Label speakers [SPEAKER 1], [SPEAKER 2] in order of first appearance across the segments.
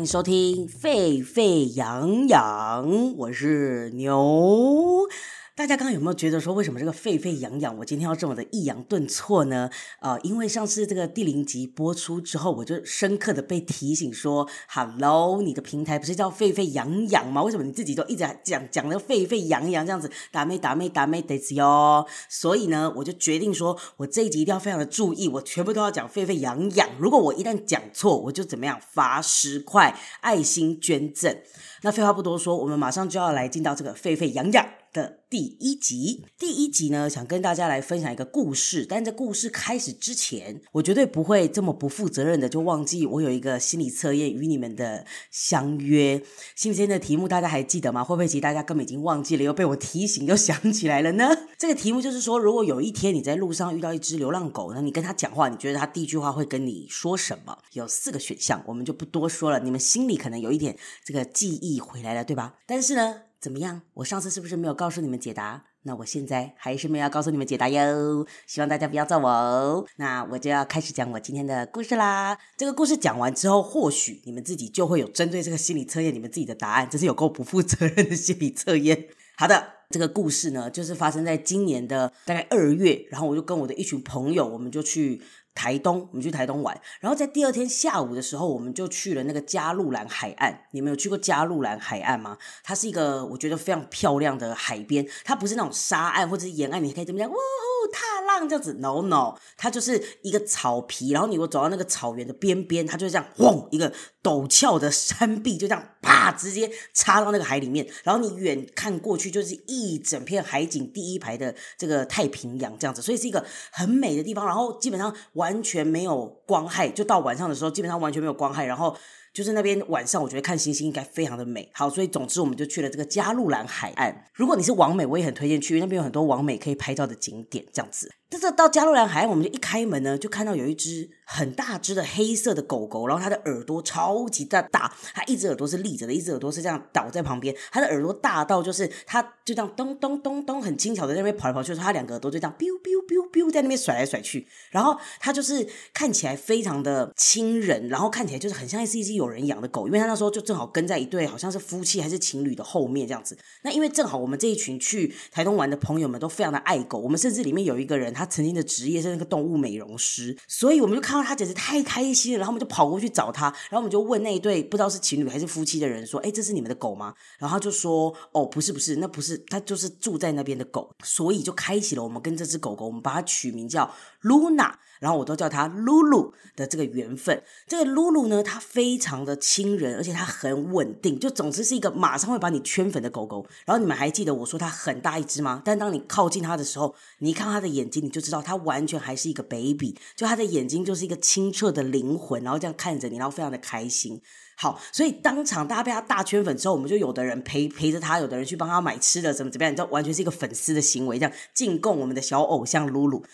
[SPEAKER 1] 歡迎收聽《吠吠揚養》，我是牛。大家剛剛有沒有覺得說，為什麼這個沸沸揚揚？我今天要這麼的抑揚頓挫呢？呃，因為上次這個第零集播出之後，我就深刻的被提醒說：“Hello，你的平台不是叫沸沸揚揚嗎？為什麼你自己都一直講講那個沸沸揚揚這樣子？打咩？打咩？打咩？ですよ！所以呢，我就決定說我這一集一定要非常的注意，我全部都要講沸沸揚揚。如果我一旦講錯，我就怎麼樣，罰十塊愛心捐贈。那廢話不多說，我們馬上就要來進到這個沸沸揚揚的第一集，第一集呢，想跟大家來分享一個故事。但在故事開始之前，我絕對不會這麼不負責任的就忘記我有一個心理測驗與你們的相約。心理測驗的題目大家還記得嗎？會不會？其實大家根本已經忘記了，又被我提醒又想起來了呢？這個題目就是說，如果有一天你在路上遇到一隻流浪狗，那你跟他講話，你覺得他第一句話會跟你說什麼？有四個選項，我們就不多說了。你們心裡可能有一點這個記憶回來了，對吧？但是呢，怎麼樣？我上次是不是沒有告訴你們解答？那我現在還是沒有要告訴你們解答喲。希望大家不要揍我哦。那我就要開始講我今天的故事啦。這個故事講完之後，或許你們自己就會有針對這個心理測驗你們自己的答案。這是有夠不負責任的心理測驗。好的。這個故事呢，就是發生在今年的大概二月，然後我就跟我的一群朋友，我們就去台東，我們去台東玩。然後在第二天下午的時候，我們就去了那個加路蘭海岸。你們有去過加路蘭海岸嗎？它是一個我覺得非常漂亮的海邊，它不是那種沙岸或者岩岸，你可以這麼講，嗚呼，踏浪這樣子，no no，它就是一個草皮。然後你如果走到那個草原的邊邊，它就這樣，哇，一個陡峭的山壁就這樣。直接插到那個海裡面，然後你遠看過去就是一整片海景，第一排的這個太平洋這樣子，所以是一個很美的地方。然後基本上完全沒有光害，就到晚上的時候基本上完全沒有光害。然後。就是那邊晚上，我覺得看星星應該非常的美好，所以總之我們就去了這個加路蘭海岸。如果你是網美，我也很推薦去，因為那邊有很多網美可以拍照的景點這樣子。但是到加路蘭海岸，我們就一開門呢，就看到有一隻很大隻的黑色的狗狗，然後它的耳朵超級大大，它一隻耳朵是立着的，一隻耳朵是這樣倒在旁邊。它的耳朵大到就是它就這樣咚咚咚咚很輕巧的在那邊跑來跑去，就是它兩個耳朵就這樣 biu biu biu biu 在那邊甩來甩去，然後它就是看起來非常的親人，然後看起來就是很像一隻一隻。有人養的狗，因為他那時候就正好跟在一對好像是夫妻還是情侶的後面這樣子。那因為正好我們這一群去台東玩的朋友們都非常的愛狗，我們甚至裡面有一個人，他曾經的職業是那個動物美容師，所以我們就看到他簡直太開心了，然後我們就跑過去找他，然後我們就問那一對不知道是情侶還是夫妻的人說：“哎，這是你們的狗嗎？”然後他就說：“哦，不是，不是，那不是，他就是住在那邊的狗。”所以就開啟了我們跟這隻狗狗，我們把它取名叫 Luna，然後我都叫它 Lulu 的這個緣分。這個 Lulu 呢，它非常常的親人，而且它很穩定，就總之是一個馬上會把你圈粉的狗狗。然後你們還記得我說它很大一隻嗎？但當你靠近它的時候，你一看它的眼睛，你就知道它完全還是一個 baby。就它的眼睛就是一個清澈的靈魂，然後這樣看着你，然後非常的開心。好，所以當場大家被它大圈粉之後，我們就有的人陪陪着他，有的人去幫他買吃的什麼，怎麼怎麼樣，你知道，完全是一個粉絲的行為，這樣進貢我們的小偶像露露。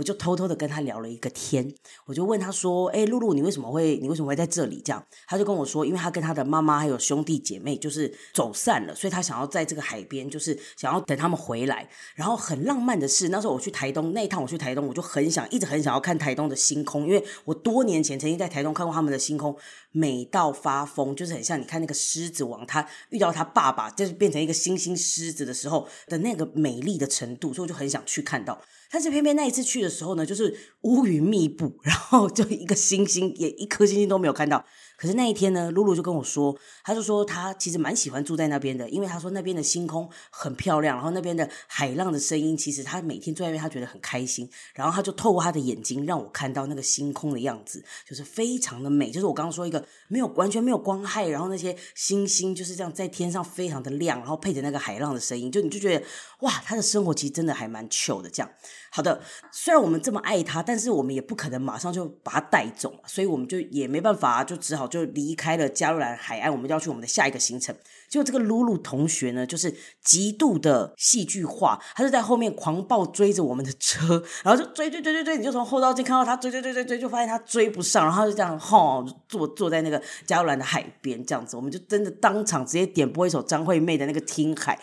[SPEAKER 1] 我就偷偷的跟他聊了一個天，我就問他說：“哎，露露，你為什麼會你為什麼會在這裡？”這樣，他就跟我說：“因為他跟他的媽媽還有兄弟姐妹就是走散了，所以他想要在這個海邊，就是想要等他們回來。然後很浪漫的是，那時候我去台東那一趟，我去台東，我就很想一直很想要看台東的星空，因為我多年前曾經在台東看過他們的星空。”美到發瘋，就是很像你看那個《獅子王》，他遇到他爸爸，就是變成一個星星獅子的時候的那個美麗的程度，所以我就很想去看到。但是偏偏那一次去的時候呢，就是烏雲密布，然後就一個星星，也一顆星星都沒有看到。可是那一天呢，露露就跟我說，他就說他其實蠻喜歡住在那邊的，因為他說那邊的星空很漂亮，然後那邊的海浪的聲音，其實他每天坐在那邊他覺得很開心。然後他就透過他的眼睛讓我看到那個星空的樣子，就是非常的美，就是我剛剛說一個沒有完全沒有光害，然後那些星星就是這樣在天上非常的亮，然後配着那個海浪的聲音，就你就覺得哇，他的生活其實真的還蠻糗的這樣。好的，雖然我們這麼愛他，但是我們也不可能馬上就把他帶走，所以我們就也沒辦法，就只好。就離開了加路蘭海岸，我們就要去我們的下一個行程。就這個露露同學呢，就是極度的戲劇化，他是在後面狂暴追着我們的車，然後就追追追追追，你就從後照鏡看到他追追追追追，就發現他追不上，然後就這樣吼、哦。坐坐在那個加路蘭的海邊這樣子，我們就真的當場直接點播一首張惠妹的那個聽海。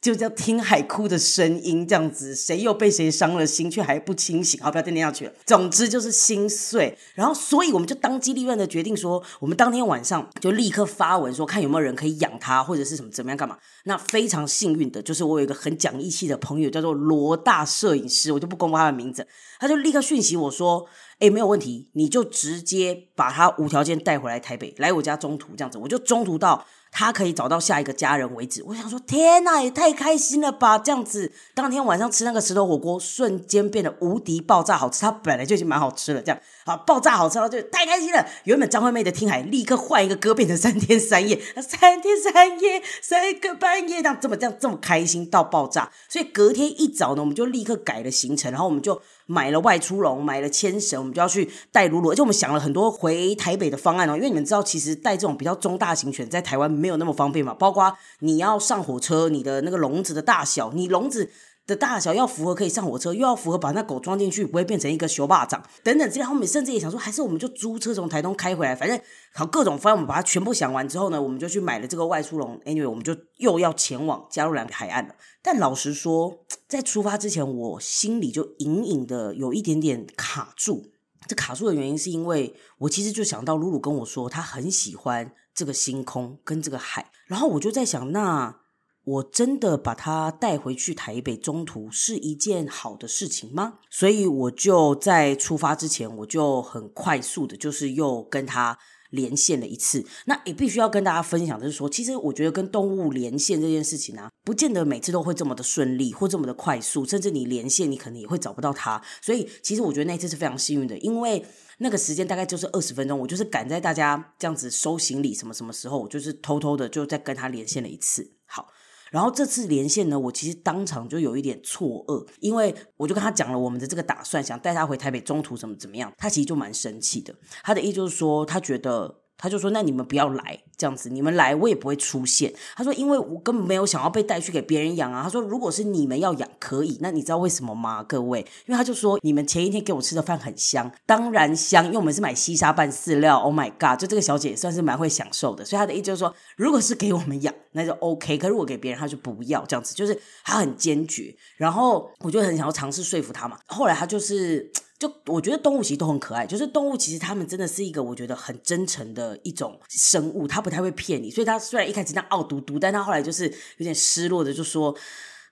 [SPEAKER 1] 就叫聽海哭的聲音，這樣子，誰又被誰傷了心，卻還不清醒。好，不要再念下去了。總之就是心碎。然後，所以我們就當機立斷的決定說，我們當天晚上就立刻發文說，看有沒有人可以養它，或者是什麼怎麼樣幹嘛。那非常幸運的，就是我有一個很講義氣的朋友，叫做羅大攝影師，我就不公布他的名字。他就立刻訊息我說，哎，沒有問題，你就直接把它無條件帶回來台北，來我家中途這樣子，我就中途到，他可以找到下一個家人為止，我想說天哪，也太開心了吧！這樣子，當天晚上吃那個石頭火鍋，瞬間變得無敵爆炸好吃。它本來就已經蠻好吃了，這樣好爆炸好吃，然後就太開心了。原本張惠妹的聽海，立刻換一個歌，變成三天三夜，三天三夜，三更半夜，這樣這麼這樣這麼開心到爆炸。所以隔天一早呢，我們就立刻改了行程，然後我們就。買了外出籠，買了牽繩，我們就要去帶魯魯。就我們想了很多回台北的方案哦，因為你們知道，其實帶這種比較中大型犬在台灣沒有那麼方便嘛。包括你要上火車，你的那個籠子的大小，你籠子的大小要符合可以上火車，又要符合把那狗裝進去不會變成一個熊霸掌等等之類。後面甚至也想說，還是我們就租車從台東開回來，反正好各種方案，我們把它全部想完之後呢，我們就去買了這個外出籠。Anyway，我們就又要前往加路蘭海岸了。但老實說。在出發之前，我心裡就隱隱的有一點點卡住。這卡住的原因是因為我其實就想到露露跟我說，他很喜歡這個星空跟這個海，然後我就在想，那我真的把他帶回去台北，中途是一件好的事情嗎？所以我就在出發之前，我就很快速的，就是又跟他。連線了一次，那也必須要跟大家分享的是說，其實我覺得跟動物連線這件事情啊，不見得每次都會這麼的順利或這麼的快速，甚至你連線你可能也會找不到它。所以其實我覺得那一次是非常幸運的，因為那個時間大概就是二十分鐘，我就是趕在大家這樣子收行李什麼什麼時候，我就是偷偷的就在跟他連線了一次。好。然後這次連線呢，我其實當場就有一點錯愕，因為我就跟他講了我們的這個打算，想帶他回台北，中途怎麼怎麼樣，他其實就蠻生氣的。他的意思就是說，他覺得。他就說：“那你們不要來，這樣子你們來我也不會出現。”他說：“因為我根本沒有想要被帶去給別人養啊。”他說：“如果是你們要養，可以。那你知道為什麼嗎？各位？因為他就說你們前一天給我吃的飯很香，當然香，因為我們是買西沙拌飼料。Oh my god！就這個小姐也算是蠻會享受的，所以他的意思就是說，如果是給我們養，那就 OK。可是我給別人，他就不要這樣子，就是他很堅決。然後我就很想要嘗試說服他嘛。後來他就是。”就我覺得動物其實都很可愛，就是動物其實他們真的是一個我覺得很真誠的一種生物，他不太會騙你。所以他雖然一開始那傲嘟嘟，但他後來就是有點失落的，就說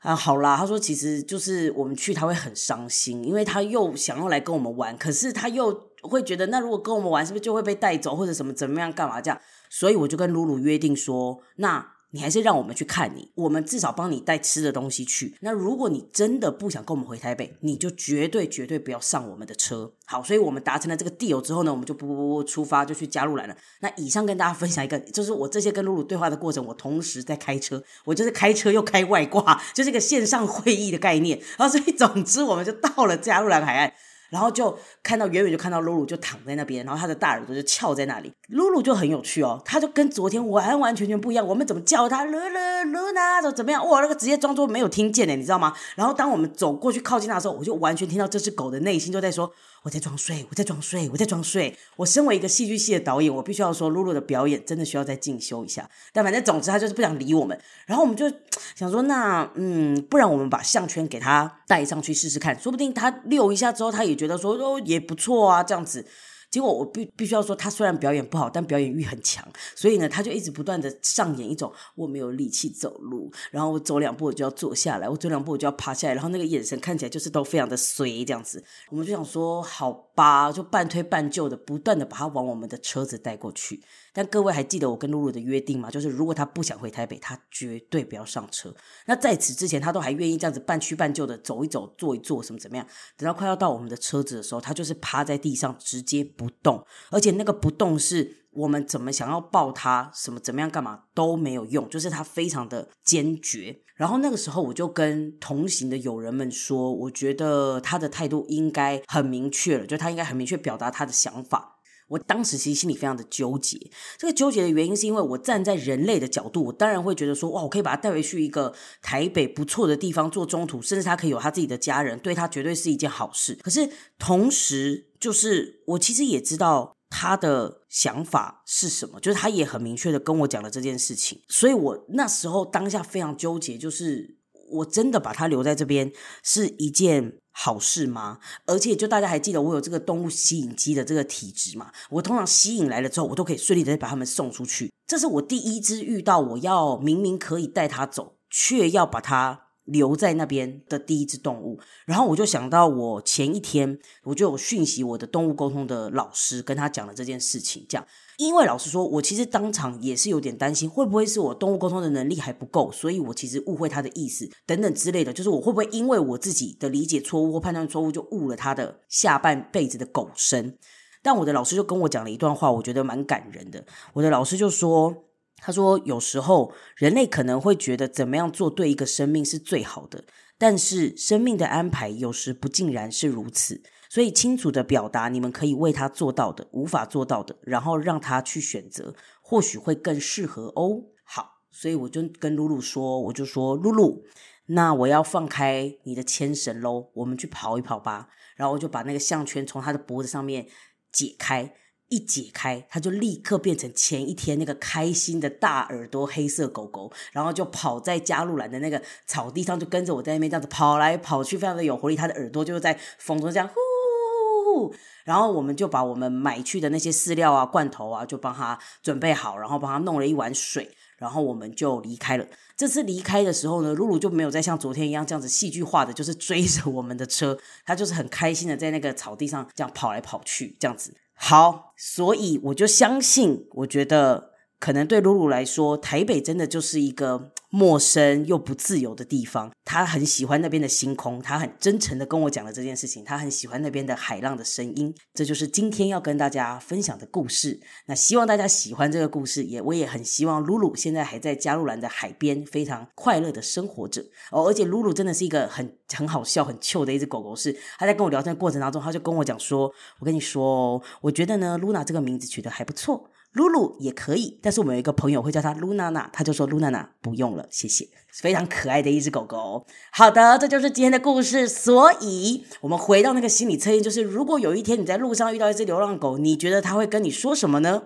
[SPEAKER 1] 啊、嗯，好啦，他說其實就是我們去，他會很傷心，因為他又想要來跟我們玩，可是他又會覺得，那如果跟我們玩，是不是就會被帶走或者什麼怎麼樣幹嘛這樣？所以我就跟露露約定說，那。你還是讓我們去看你，我們至少幫你帶吃的東西去。那如果你真的不想跟我們回台北，你就絕對絕對不要上我們的車。好，所以我們達成了這個 deal 之後呢，我們就不出發，就去加路蘭了。那以上跟大家分享一個，就是我這些跟露露對話的過程，我同時在開車，我就是開車又開外掛，就是一個線上會議的概念。然後所以總之，我們就到了加路蘭海岸。然後就看到遠遠就看到露露就躺在那邊，然後他的大耳朵就翹在那裡。露露就很有趣哦，他就跟昨天完完全全不一樣。我們怎麼叫他露露露娜呢？怎麼樣？哇、哦，那個直接裝作沒有聽見呢，你知道嗎？然後當我們走過去靠近它的時候，我就完全聽到這只狗的內心都在說：“我在裝睡，我在裝睡，我在裝睡。”我身為一個戲劇系的導演，我必須要說，露露的表演真的需要再進修一下。但反正總之，他就是不想理我們。然後我們就想說，那嗯，不然我們把項圈給他戴上去試試看，說不定他溜一下之後，他也。覺得說、哦、也不錯啊，這樣子，結果我必必須要說，他雖然表演不好，但表演慾很強，所以呢，他就一直不斷的上演一種我沒有力氣走路，然後我走兩步我就要坐下來，我走兩步我就要趴下來，然後那個眼神看起來就是都非常的衰這樣子，我們就想說好。把就半推半就的不斷的把他往我們的車子帶過去，但各位還記得我跟露露的約定嗎？就是如果他不想回台北，他絕對不要上車。那在此之前，他都還願意這樣子半推半就的走一走、坐一坐，什麼怎麼樣，等到快要到我們的車子的時候，他就是趴在地上直接不動，而且那個不動是。我們怎麼想要抱他，什麼怎麼樣幹嘛都沒有用，就是他非常的堅決。然後那個時候，我就跟同行的友人們說，我覺得他的態度應該很明確了，就他應該很明確表達他的想法。我當時其實心裡非常的糾結，這個糾結的原因是因為我站在人類的角度，我當然會覺得說，哇，我可以把他帶回去一個台北不錯的地方做中途，甚至他可以有他自己的家人，對他絕對是一件好事。可是同時，就是我其實也知道。他的想法是什麼？就是他也很明確的跟我講了這件事情，所以我那時候當下非常糾結，就是我真的把他留在這邊是一件好事嗎？而且就大家還記得我有這個動物吸引機的這個體質嘛，我通常吸引來了之後，我都可以順利的把他們送出去。這是我第一隻遇到我要明明可以帶他走，卻要把它。留在那邊的第一隻動物，然後我就想到我前一天我就有訊息我的動物溝通的老師，跟他講了這件事情，這樣因為老師說，我其實當場也是有點擔心，會不會是我動物溝通的能力還不夠，所以我其實誤會他的意思等等之類的，就是我會不會因為我自己的理解錯誤或判斷錯誤就誤了他的下半輩子的狗生。但我的老師就跟我講了一段話，我覺得蠻感人的。我的老師就說。他說：“有時候人類可能會覺得怎麼樣做對一個生命是最好的，但是生命的安排有時不盡然是如此。所以清楚地表達你們可以為他做到的，無法做到的，然後讓他去選擇，或許會更適合哦。好，所以我就跟露露說，我就說露露，那我要放開你的牽繩嘍，我們去跑一跑吧。然後我就把那個項圈從他的脖子上面解開。”一解開，它就立刻變成前一天那個開心的大耳朵黑色狗狗，然後就跑在加路蘭的那個草地上，就跟着我在那邊這樣子跑來跑去，非常的有活力。它的耳朵就是在風中這樣呼呼呼呼，然後我們就把我們買去的那些飼料啊、罐頭啊，就幫它準備好，然後幫它弄了一碗水。然後我們就離開了。這次離開的時候呢，露露就沒有再像昨天一樣這樣子戲劇化的，就是追着我們的車。她就是很開心的在那個草地上這樣跑來跑去，這樣子。好，所以我就相信，我覺得。可能對露露來說，台北真的就是一個陌生又不自由的地方。他很喜歡那邊的星空，他很真誠的跟我講了這件事情。他很喜歡那邊的海浪的聲音，這就是今天要跟大家分享的故事。那希望大家喜歡這個故事，也我也很希望露露現在還在加路蘭的海邊，非常快樂的生活着。哦，而且露露真的是一個很很好笑、很糗的一只狗狗。是他在跟我聊天過程當中，他就跟我講說：“我跟你說哦，我覺得呢，露娜這個名字取得還不錯。”露露也可以，但是我們有一個朋友會叫他露娜娜，他就說露娜娜不用了，謝謝。非常可愛的一只狗狗。好的，這就是今天的故事。所以，我們回到那個心理測驗，就是如果有一天你在路上遇到一只流浪狗，你覺得它會跟你說什麼呢？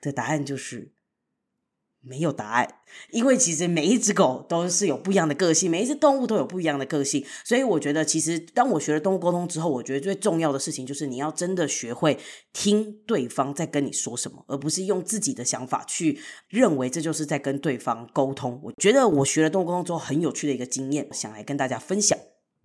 [SPEAKER 1] 的答案就是。沒有答案，因為其實每一隻狗都是有不一樣的個性，每一隻動物都有不一樣的個性。所以我覺得，其實當我學了動物溝通之後，我覺得最重要的事情就是你要真的學會聽對方在跟你說什麼，而不是用自己的想法去認為這就是在跟對方溝通。我覺得我學了動物溝通之後，很有趣的一個經驗，想來跟大家分享。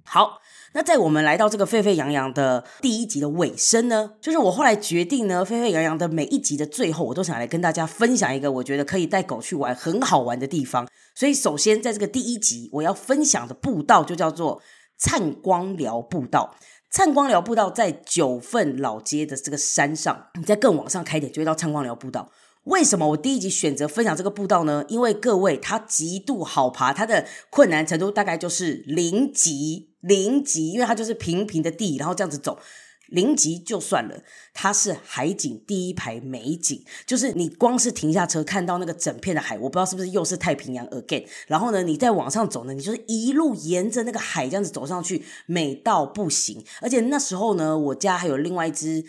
[SPEAKER 1] 好，那在我們來到這個沸沸揚揚的第一集的尾聲呢，就是我後來決定呢，沸沸揚揚的每一集的最後，我都想來跟大家分享一個我覺得可以帶狗去玩很好玩的地方。所以，首先在這個第一集我要分享的步道就叫做燦光寮步道。燦光寮步道在九份老街的這個山上，你再更往上開點，就會到燦光寮步道。為什麼我第一集選擇分享這個步道呢？因為各位，它極度好爬，它的困難程度大概就是零級。零級，因為它就是平平的地，然後這樣子走，零級就算了。它是海景第一排美景，就是你光是停下車看到那個整片的海，我不知道是不是又是太平洋 again。然後呢，你再往上走呢，你就是一路沿着那個海這樣子走上去，美到不行。而且那時候呢，我家還有另外一隻。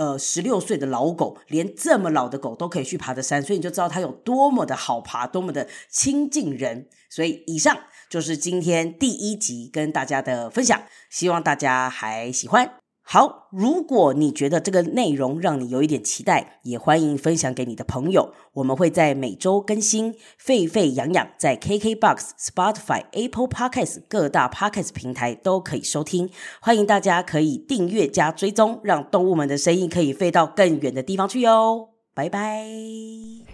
[SPEAKER 1] 呃，十六歲的老狗，連這麼老的狗都可以去爬的山，所以你就知道它有多麼的好爬，多麼的親近人。所以，以上就是今天第一集跟大家的分享，希望大家還喜歡。好，如果你覺得這個內容讓你有一點期待，也歡迎分享給你的朋友。我們會在每周更新，吠吠揚養，在 KKBOX、Spotify、Apple Podcast、各大 Podcast 平台都可以收聽。歡迎大家可以訂閱加追蹤，讓動物們的聲音可以飛到更遠的地方去喲。拜拜。